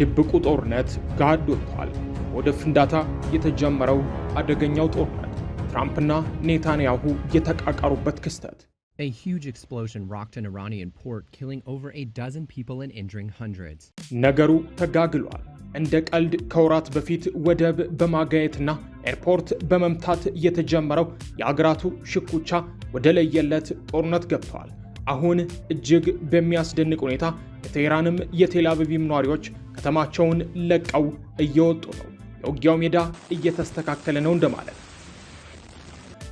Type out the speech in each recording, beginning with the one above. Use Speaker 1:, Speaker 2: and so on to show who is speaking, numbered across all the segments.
Speaker 1: ድብቁ ጦርነት ገሃድ ወጥቷል። ወደ ፍንዳታ የተጀመረው አደገኛው ጦርነት ትራምፕና ኔታንያሁ የተቃቀሩበት ክስተት
Speaker 2: A huge explosion rocked an Iranian port, killing over a dozen people and injuring hundreds.
Speaker 1: ነገሩ ተጋግሏል። እንደ ቀልድ ከወራት በፊት ወደብ በማጋየትና ኤርፖርት በመምታት የተጀመረው የአገራቱ ሽኩቻ ወደ ለየለት ጦርነት ገብተዋል። አሁን እጅግ በሚያስደንቅ ሁኔታ የቴህራንም የቴል አቪቭም ነዋሪዎች ከተማቸውን ለቀው እየወጡ ነው። የውጊያው ሜዳ እየተስተካከለ ነው እንደማለት ነው።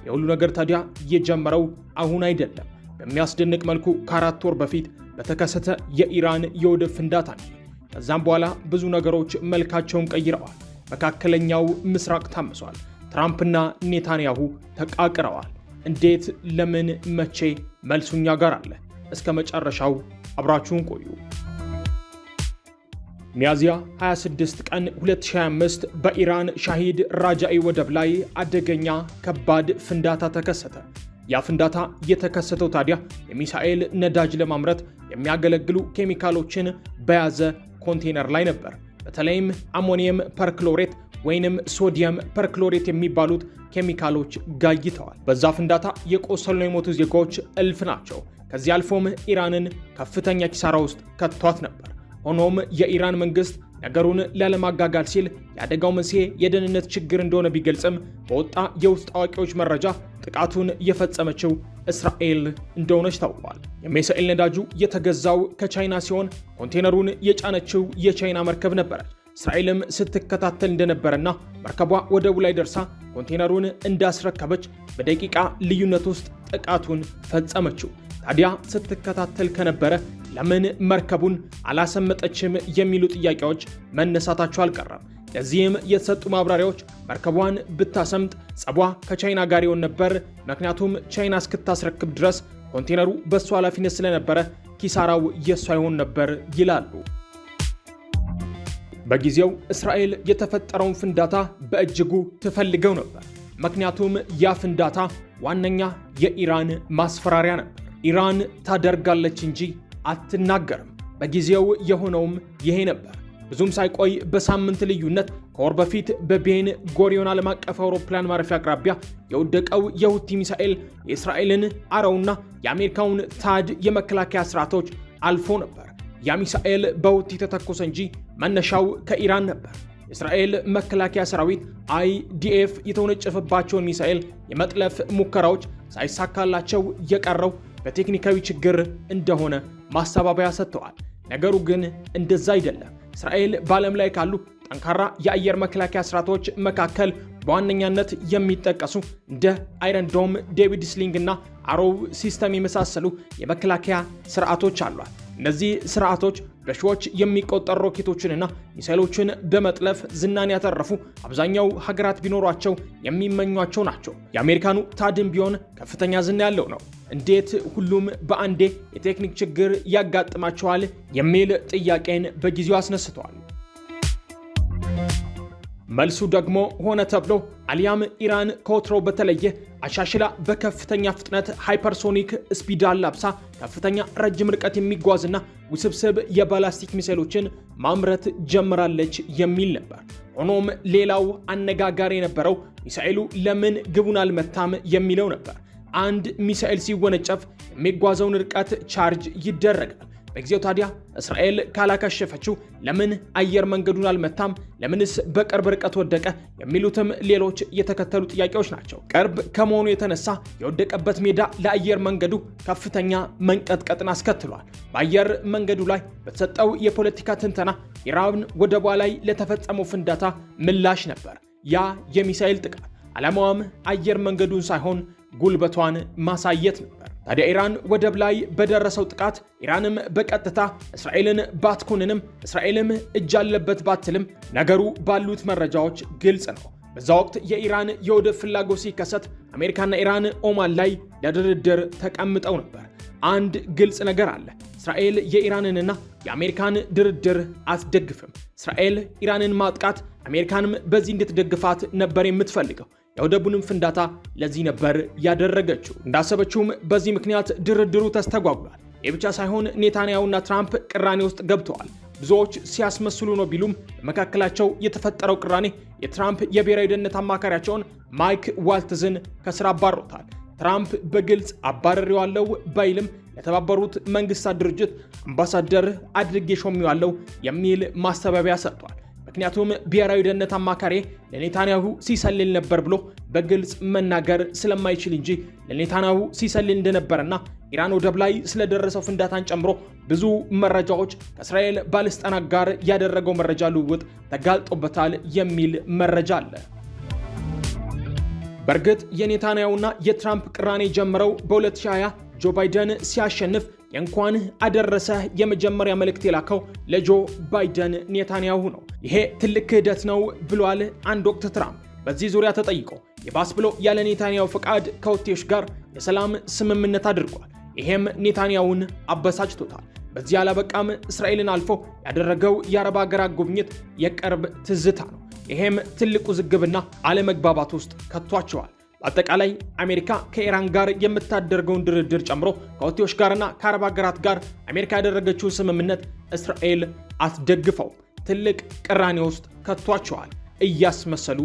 Speaker 1: የሁሉ ነገር ታዲያ እየጀመረው አሁን አይደለም። በሚያስደንቅ መልኩ ከአራት ወር በፊት በተከሰተ የኢራን የወደብ ፍንዳታ ነው። ከዛም በኋላ ብዙ ነገሮች መልካቸውን ቀይረዋል። መካከለኛው ምስራቅ ታምሷል። ትራምፕና ኔታንያሁ ተቃቅረዋል። እንዴት፣ ለምን፣ መቼ? መልሱኛ ጋር አለ። እስከ መጨረሻው አብራችሁን ቆዩ። ሚያዚያ 26 ቀን 2025 በኢራን ሻሂድ ራጃኢ ወደብ ላይ አደገኛ ከባድ ፍንዳታ ተከሰተ። ያ ፍንዳታ የተከሰተው ታዲያ የሚሳኤል ነዳጅ ለማምረት የሚያገለግሉ ኬሚካሎችን በያዘ ኮንቴነር ላይ ነበር። በተለይም አሞኒየም ፐርክሎሬት ወይንም ሶዲየም ፐርክሎሬት የሚባሉት ኬሚካሎች ጋይተዋል። በዛ ፍንዳታ የቆሰሉ የሞቱ ዜጋዎች እልፍ ናቸው። ከዚህ አልፎም ኢራንን ከፍተኛ ኪሳራ ውስጥ ከቷት ነበር። ሆኖም የኢራን መንግስት ነገሩን ላለማጋጋል ሲል የአደጋው መንስኤ የደህንነት ችግር እንደሆነ ቢገልጽም በወጣ የውስጥ አዋቂዎች መረጃ ጥቃቱን የፈጸመችው እስራኤል እንደሆነች ታውቋል። የሚሳኤል ነዳጁ የተገዛው ከቻይና ሲሆን ኮንቴነሩን የጫነችው የቻይና መርከብ ነበረች። እስራኤልም ስትከታተል እንደነበረና መርከቧ ወደቡ ላይ ደርሳ ኮንቴነሩን እንዳስረከበች በደቂቃ ልዩነት ውስጥ ጥቃቱን ፈጸመችው። ታዲያ ስትከታተል ከነበረ ለምን መርከቡን አላሰመጠችም የሚሉ ጥያቄዎች መነሳታቸው አልቀረም። ለዚህም የተሰጡ ማብራሪያዎች መርከቧን ብታሰምጥ ጸቧ ከቻይና ጋር ይሆን ነበር፣ ምክንያቱም ቻይና እስክታስረክብ ድረስ ኮንቴነሩ በእሱ ኃላፊነት ስለነበረ ኪሳራው የእሱ ይሆን ነበር ይላሉ። በጊዜው እስራኤል የተፈጠረውን ፍንዳታ በእጅጉ ትፈልገው ነበር፣ ምክንያቱም ያ ፍንዳታ ዋነኛ የኢራን ማስፈራሪያ ነበር። ኢራን ታደርጋለች እንጂ አትናገርም። በጊዜው የሆነውም ይሄ ነበር። ብዙም ሳይቆይ በሳምንት ልዩነት ከወር በፊት በቤን ጎሪዮን ዓለም አቀፍ አውሮፕላን ማረፊያ አቅራቢያ የወደቀው የሁቲ ሚሳኤል የእስራኤልን አረውና የአሜሪካውን ታድ የመከላከያ ስርዓቶች አልፎ ነበር። ያ ሚሳኤል በሁቲ ተተኮሰ እንጂ መነሻው ከኢራን ነበር። የእስራኤል መከላከያ ሰራዊት አይዲኤፍ የተወነጨፈባቸውን ሚሳኤል የመጥለፍ ሙከራዎች ሳይሳካላቸው የቀረው በቴክኒካዊ ችግር እንደሆነ ማስተባበያ ሰጥተዋል። ነገሩ ግን እንደዛ አይደለም። እስራኤል በዓለም ላይ ካሉ ጠንካራ የአየር መከላከያ ስርዓቶች መካከል በዋነኛነት የሚጠቀሱ እንደ አይረን ዶም፣ ዴቪድ ስሊንግ እና አሮብ ሲስተም የመሳሰሉ የመከላከያ ስርዓቶች አሏል። እነዚህ ስርዓቶች በሺዎች የሚቆጠሩ ሮኬቶችንና ሚሳይሎችን በመጥለፍ ዝናን ያተረፉ አብዛኛው ሀገራት ቢኖሯቸው የሚመኟቸው ናቸው። የአሜሪካኑ ታድም ቢሆን ከፍተኛ ዝና ያለው ነው። እንዴት ሁሉም በአንዴ የቴክኒክ ችግር ያጋጥማቸዋል የሚል ጥያቄን በጊዜው አስነስተዋል። መልሱ ደግሞ ሆነ ተብሎ አሊያም ኢራን ከወትሮ በተለየ አሻሽላ በከፍተኛ ፍጥነት ሃይፐርሶኒክ ስፒዳል ላብሳ ከፍተኛ ረጅም ርቀት የሚጓዝና ውስብስብ የባላስቲክ ሚሳይሎችን ማምረት ጀምራለች የሚል ነበር። ሆኖም ሌላው አነጋጋሪ የነበረው ሚሳኤሉ ለምን ግቡን አልመታም የሚለው ነበር። አንድ ሚሳኤል ሲወነጨፍ የሚጓዘውን ርቀት ቻርጅ ይደረጋል። በጊዜው ታዲያ እስራኤል ካላከሸፈችው ለምን አየር መንገዱን አልመታም? ለምንስ በቅርብ ርቀት ወደቀ? የሚሉትም ሌሎች የተከተሉ ጥያቄዎች ናቸው። ቅርብ ከመሆኑ የተነሳ የወደቀበት ሜዳ ለአየር መንገዱ ከፍተኛ መንቀጥቀጥን አስከትሏል። በአየር መንገዱ ላይ በተሰጠው የፖለቲካ ትንተና ኢራን ወደቧ ላይ ለተፈጸመው ፍንዳታ ምላሽ ነበር ያ የሚሳኤል ጥቃት። ዓላማዋም አየር መንገዱን ሳይሆን ጉልበቷን ማሳየት ነበር። ታዲያ ኢራን ወደብ ላይ በደረሰው ጥቃት ኢራንም በቀጥታ እስራኤልን ባትኮንንም እስራኤልም እጅ አለበት ባትልም ነገሩ ባሉት መረጃዎች ግልጽ ነው። በዛ ወቅት የኢራን የወደብ ፍላጎት ሲከሰት አሜሪካና ኢራን ኦማን ላይ ለድርድር ተቀምጠው ነበር። አንድ ግልጽ ነገር አለ። እስራኤል የኢራንንና የአሜሪካን ድርድር አትደግፍም። እስራኤል ኢራንን ማጥቃት አሜሪካንም በዚህ እንድትደግፋት ነበር የምትፈልገው። የወደቡንም ፍንዳታ ለዚህ ነበር ያደረገችው። እንዳሰበችውም በዚህ ምክንያት ድርድሩ ተስተጓጉሏል። ይህ ብቻ ሳይሆን ኔታንያሁና ትራምፕ ቅራኔ ውስጥ ገብተዋል። ብዙዎች ሲያስመስሉ ነው ቢሉም በመካከላቸው የተፈጠረው ቅራኔ የትራምፕ የብሔራዊ ደህንነት አማካሪያቸውን ማይክ ዋልትዝን ከስራ አባሮታል። ትራምፕ በግልጽ ዋለው ባይልም ለተባበሩት መንግስታት ድርጅት አምባሳደር አድርጌ ሾሜዋለሁ የሚል ማስተባበያ ሰጥቷል። ምክንያቱም ብሔራዊ ደህንነት አማካሪ ለኔታንያሁ ሲሰልል ነበር ብሎ በግልጽ መናገር ስለማይችል እንጂ ለኔታንያሁ ሲሰልል እንደነበረና ኢራን ወደብ ላይ ስለደረሰው ፍንዳታን ጨምሮ ብዙ መረጃዎች ከእስራኤል ባለስልጣናት ጋር ያደረገው መረጃ ልውውጥ ተጋልጦበታል የሚል መረጃ አለ። በእርግጥ የኔታንያሁና የትራምፕ ቅራኔ ጀምረው በ2020 ጆ ባይደን ሲያሸንፍ የእንኳን አደረሰ የመጀመሪያ መልእክት የላከው ለጆ ባይደን ኔታንያሁ ነው። ይሄ ትልቅ ክህደት ነው ብሏል አንድ ወቅት ትራምፕ። በዚህ ዙሪያ ተጠይቆ የባስ ብሎ ያለ ኔታንያሁ ፈቃድ ከውቴዎች ጋር የሰላም ስምምነት አድርጓል። ይሄም ኔታንያሁን አበሳጭቶታል። በዚህ አላበቃም። እስራኤልን አልፎ ያደረገው የአረብ ሀገራት ጉብኝት የቅርብ ትዝታ ነው። ይሄም ትልቅ ውዝግብና አለመግባባት ውስጥ ከቷቸዋል። አጠቃላይ አሜሪካ ከኢራን ጋር የምታደርገውን ድርድር ጨምሮ ከሁቲዎች ጋርና ከአረብ ሀገራት ጋር አሜሪካ ያደረገችውን ስምምነት እስራኤል አትደግፈው። ትልቅ ቅራኔ ውስጥ ከቷቸዋል። እያስመሰሉ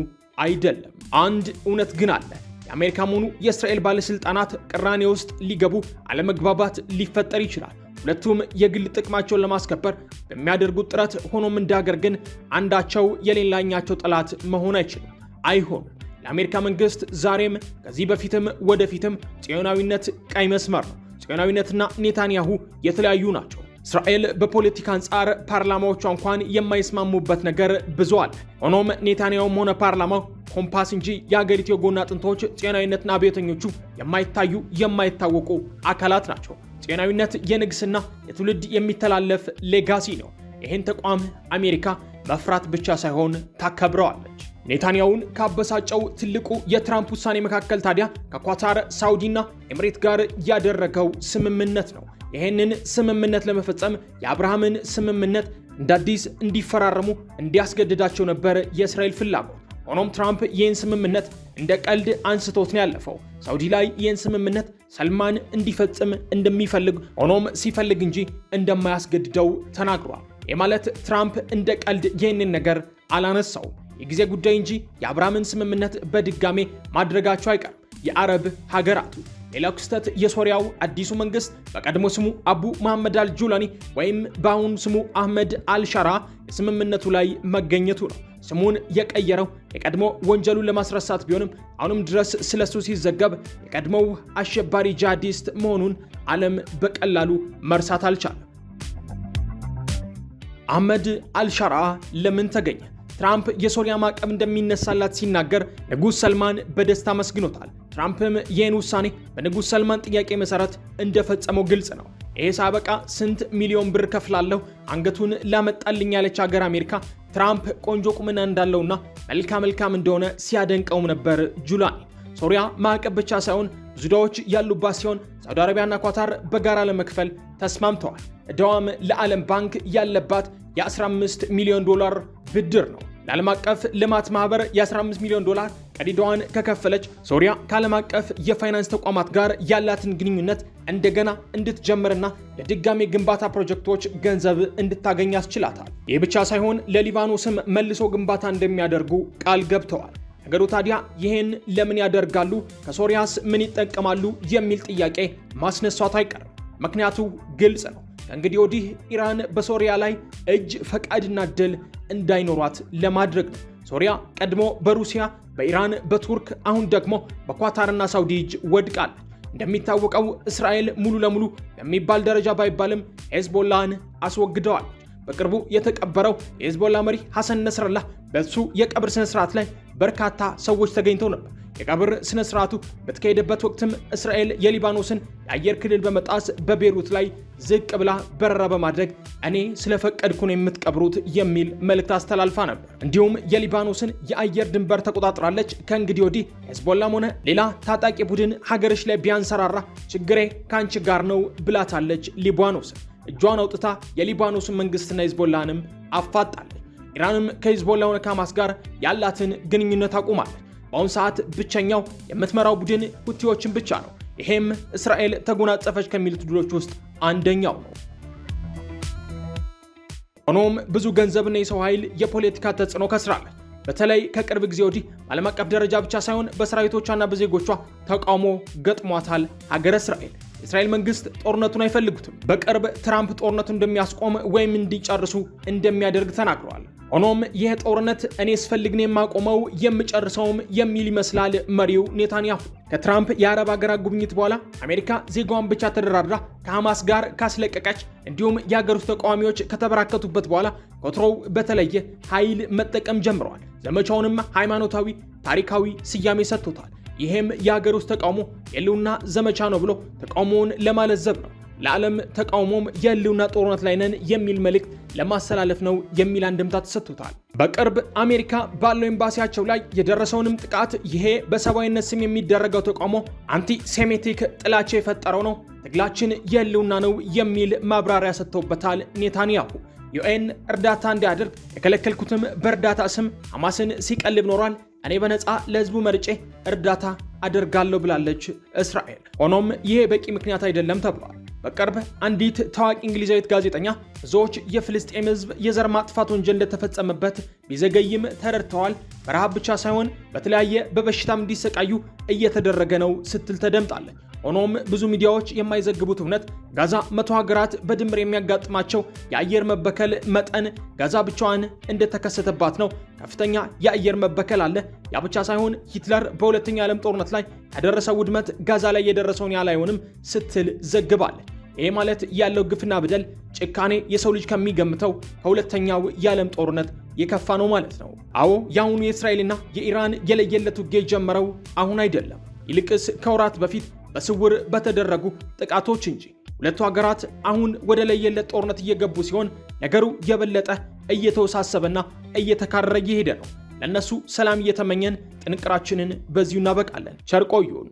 Speaker 1: አይደለም። አንድ እውነት ግን አለ። የአሜሪካ መሆኑ የእስራኤል ባለሥልጣናት ቅራኔ ውስጥ ሊገቡ፣ አለመግባባት ሊፈጠር ይችላል። ሁለቱም የግል ጥቅማቸውን ለማስከበር በሚያደርጉት ጥረት ሆኖም እንደ ግን አንዳቸው የሌላኛቸው ጠላት መሆን አይችልም፣ አይሆንም። የአሜሪካ መንግስት ዛሬም ከዚህ በፊትም ወደፊትም ጽዮናዊነት ቀይ መስመር ነው። ጽዮናዊነትና ኔታንያሁ የተለያዩ ናቸው። እስራኤል በፖለቲካ አንጻር ፓርላማዎቿ እንኳን የማይስማሙበት ነገር ብዙ አለ። ሆኖም ኔታንያሁም ሆነ ፓርላማው ኮምፓስ እንጂ የአገሪቱ የጎን አጥንቶች ጽዮናዊነትና አብዮተኞቹ የማይታዩ የማይታወቁ አካላት ናቸው። ጽዮናዊነት የንግስና የትውልድ የሚተላለፍ ሌጋሲ ነው። ይህን ተቋም አሜሪካ መፍራት ብቻ ሳይሆን ታከብረዋለች። ኔታንያሁን ካበሳጨው ትልቁ የትራምፕ ውሳኔ መካከል ታዲያ ከኳታር ሳውዲና ኤምሬት ጋር ያደረገው ስምምነት ነው። ይህንን ስምምነት ለመፈጸም የአብርሃምን ስምምነት እንደ አዲስ እንዲፈራረሙ እንዲያስገድዳቸው ነበር የእስራኤል ፍላጎት። ሆኖም ትራምፕ ይህን ስምምነት እንደ ቀልድ አንስቶት ነው ያለፈው። ሳውዲ ላይ ይህን ስምምነት ሰልማን እንዲፈጽም እንደሚፈልግ ሆኖም ሲፈልግ እንጂ እንደማያስገድደው ተናግሯል። ይህ ማለት ትራምፕ እንደ ቀልድ ይህንን ነገር አላነሳውም። የጊዜ ጉዳይ እንጂ የአብርሃምን ስምምነት በድጋሜ ማድረጋቸው አይቀርም የአረብ ሀገራቱ። ሌላው ክስተት የሶሪያው አዲሱ መንግስት በቀድሞ ስሙ አቡ መሐመድ አልጁላኒ ወይም በአሁኑ ስሙ አህመድ አልሻራ የስምምነቱ ላይ መገኘቱ ነው። ስሙን የቀየረው የቀድሞ ወንጀሉን ለማስረሳት ቢሆንም አሁንም ድረስ ስለሱ ሲዘገብ የቀድሞው አሸባሪ ጂሃዲስት መሆኑን ዓለም በቀላሉ መርሳት አልቻለም። አህመድ አልሻራ ለምን ተገኘ? ትራምፕ የሶሪያ ማዕቀብ እንደሚነሳላት ሲናገር ንጉሥ ሰልማን በደስታ መስግኖታል። ትራምፕም ይህን ውሳኔ በንጉሥ ሰልማን ጥያቄ መሠረት እንደፈጸመው ግልጽ ነው። ይህ ሳበቃ ስንት ሚሊዮን ብር ከፍላለሁ አንገቱን ላመጣልኝ ያለች ሀገር አሜሪካ ትራምፕ ቆንጆ ቁመና እንዳለውና መልካ መልካም እንደሆነ ሲያደንቀውም ነበር። ጁላይ ሶሪያ ማዕቀብ ብቻ ሳይሆን ዙዳዎች ያሉባት ሲሆን ሳውዲ አረቢያና ኳታር በጋራ ለመክፈል ተስማምተዋል። ዕዳዋም ለዓለም ባንክ ያለባት የ15 ሚሊዮን ዶላር ብድር ነው። ለዓለም አቀፍ ልማት ማህበር የ15 ሚሊዮን ዶላር ቀዲዳዋን ከከፈለች ሶሪያ ከዓለም አቀፍ የፋይናንስ ተቋማት ጋር ያላትን ግንኙነት እንደገና እንድትጀምርና ለድጋሜ ግንባታ ፕሮጀክቶች ገንዘብ እንድታገኝ ያስችላታል። ይህ ብቻ ሳይሆን ለሊባኖስም መልሶ ግንባታ እንደሚያደርጉ ቃል ገብተዋል። ነገሩ ታዲያ ይህን ለምን ያደርጋሉ? ከሶሪያስ ምን ይጠቀማሉ? የሚል ጥያቄ ማስነሳት አይቀርም። ምክንያቱ ግልጽ ነው። ከእንግዲህ ወዲህ ኢራን በሶሪያ ላይ እጅ ፈቃድና ድል እንዳይኖሯት ለማድረግ ነው። ሶሪያ ቀድሞ በሩሲያ በኢራን፣ በቱርክ አሁን ደግሞ በኳታርና ሳውዲ እጅ ወድቃል። እንደሚታወቀው እስራኤል ሙሉ ለሙሉ በሚባል ደረጃ ባይባልም ሄዝቦላን አስወግደዋል። በቅርቡ የተቀበረው የሄዝቦላ መሪ ሐሰን ነስረላ በሱ የቀብር ስነ ላይ በርካታ ሰዎች ተገኝተው ነበር። የቀብር ስነ ስርዓቱ በተካሄደበት ወቅትም እስራኤል የሊባኖስን የአየር ክልል በመጣስ በቤሩት ላይ ዝቅ ብላ በረራ በማድረግ እኔ ስለፈቀድኩ ነው የምትቀብሩት የሚል መልእክት አስተላልፋ ነበር። እንዲሁም የሊባኖስን የአየር ድንበር ተቆጣጥራለች። ከእንግዲህ ወዲህ ሄዝቦላም ሆነ ሌላ ታጣቂ ቡድን ሀገርሽ ላይ ቢያንሰራራ ችግሬ ከአንቺ ጋር ነው ብላታለች። ሊባኖስ እጇን አውጥታ የሊባኖስን መንግስትና ሄዝቦላንም አፋጣለች። ኢራንም ከሂዝቦላ ሆነ ከሐማስ ጋር ያላትን ግንኙነት አቁማለች። በአሁኑ ሰዓት ብቸኛው የምትመራው ቡድን ሁቲዎችን ብቻ ነው። ይሄም እስራኤል ተጎናጸፈች ከሚሉት ድሎች ውስጥ አንደኛው ነው። ሆኖም ብዙ ገንዘብና የሰው ኃይል የፖለቲካ ተጽዕኖ ከስራለች። በተለይ ከቅርብ ጊዜ ወዲህ በዓለም አቀፍ ደረጃ ብቻ ሳይሆን በሰራዊቶቿና በዜጎቿ ተቃውሞ ገጥሟታል ሀገረ እስራኤል። የእስራኤል መንግስት ጦርነቱን አይፈልጉትም። በቅርብ ትራምፕ ጦርነቱ እንደሚያስቆም ወይም እንዲጨርሱ እንደሚያደርግ ተናግረዋል። ሆኖም ይህ ጦርነት እኔ ስፈልግን የማቆመው የምጨርሰውም የሚል ይመስላል መሪው ኔታንያሁ። ከትራምፕ የአረብ ሀገራት ጉብኝት በኋላ አሜሪካ ዜጋዋን ብቻ ተደራድራ ከሐማስ ጋር ካስለቀቀች እንዲሁም የአገር ውስጥ ተቃዋሚዎች ከተበራከቱበት በኋላ ቆትሮው በተለየ ኃይል መጠቀም ጀምረዋል። ዘመቻውንም ሃይማኖታዊ፣ ታሪካዊ ስያሜ ሰጥቶታል። ይህም የአገር ውስጥ ተቃውሞ የልውና ዘመቻ ነው ብሎ ተቃውሞውን ለማለዘብ ነው። ለዓለም ተቃውሞም የህልውና ጦርነት ላይ ነን የሚል መልእክት ለማስተላለፍ ነው የሚል አንድምታ ተሰጥቶታል። በቅርብ አሜሪካ ባለው ኤምባሲያቸው ላይ የደረሰውንም ጥቃት ይሄ በሰብአዊነት ስም የሚደረገው ተቃውሞ አንቲሴሜቲክ ጥላቻ የፈጠረው ነው፣ ትግላችን የህልውና ነው የሚል ማብራሪያ ሰጥተውበታል። ኔታንያሁ ዩኤን እርዳታ እንዲያደርግ የከለከልኩትም በእርዳታ ስም ሐማስን ሲቀልብ ኖሯል። እኔ በነፃ ለህዝቡ መርጬ እርዳታ አደርጋለሁ ብላለች እስራኤል። ሆኖም ይሄ በቂ ምክንያት አይደለም ተብሏል። በቅርብ አንዲት ታዋቂ እንግሊዛዊት ጋዜጠኛ ብዙዎች የፍልስጤም ህዝብ የዘር ማጥፋት ወንጀል እንደተፈጸመበት ቢዘገይም ተረድተዋል፣ በረሃብ ብቻ ሳይሆን በተለያየ በበሽታም እንዲሰቃዩ እየተደረገ ነው ስትል ተደምጣለች። ሆኖም ብዙ ሚዲያዎች የማይዘግቡት እውነት ጋዛ መቶ ሀገራት በድምር የሚያጋጥማቸው የአየር መበከል መጠን ጋዛ ብቻዋን እንደተከሰተባት ነው። ከፍተኛ የአየር መበከል አለ። ያ ብቻ ሳይሆን ሂትለር በሁለተኛ ዓለም ጦርነት ላይ ያደረሰው ውድመት ጋዛ ላይ የደረሰውን ያህል አይሆንም ስትል ዘግባለች። ይህ ማለት ያለው ግፍና በደል ጭካኔ የሰው ልጅ ከሚገምተው ከሁለተኛው የዓለም ጦርነት የከፋ ነው ማለት ነው። አዎ የአሁኑ የእስራኤልና የኢራን የለየለት ውጊያ የጀመረው አሁን አይደለም። ይልቅስ ከወራት በፊት በስውር በተደረጉ ጥቃቶች እንጂ። ሁለቱ ሀገራት አሁን ወደ ለየለት ጦርነት እየገቡ ሲሆን ነገሩ የበለጠ እየተወሳሰበና እየተካረረ እየሄደ ነው። ለእነሱ ሰላም እየተመኘን ጥንቅራችንን በዚሁ እናበቃለን። ቸር ቆዩን።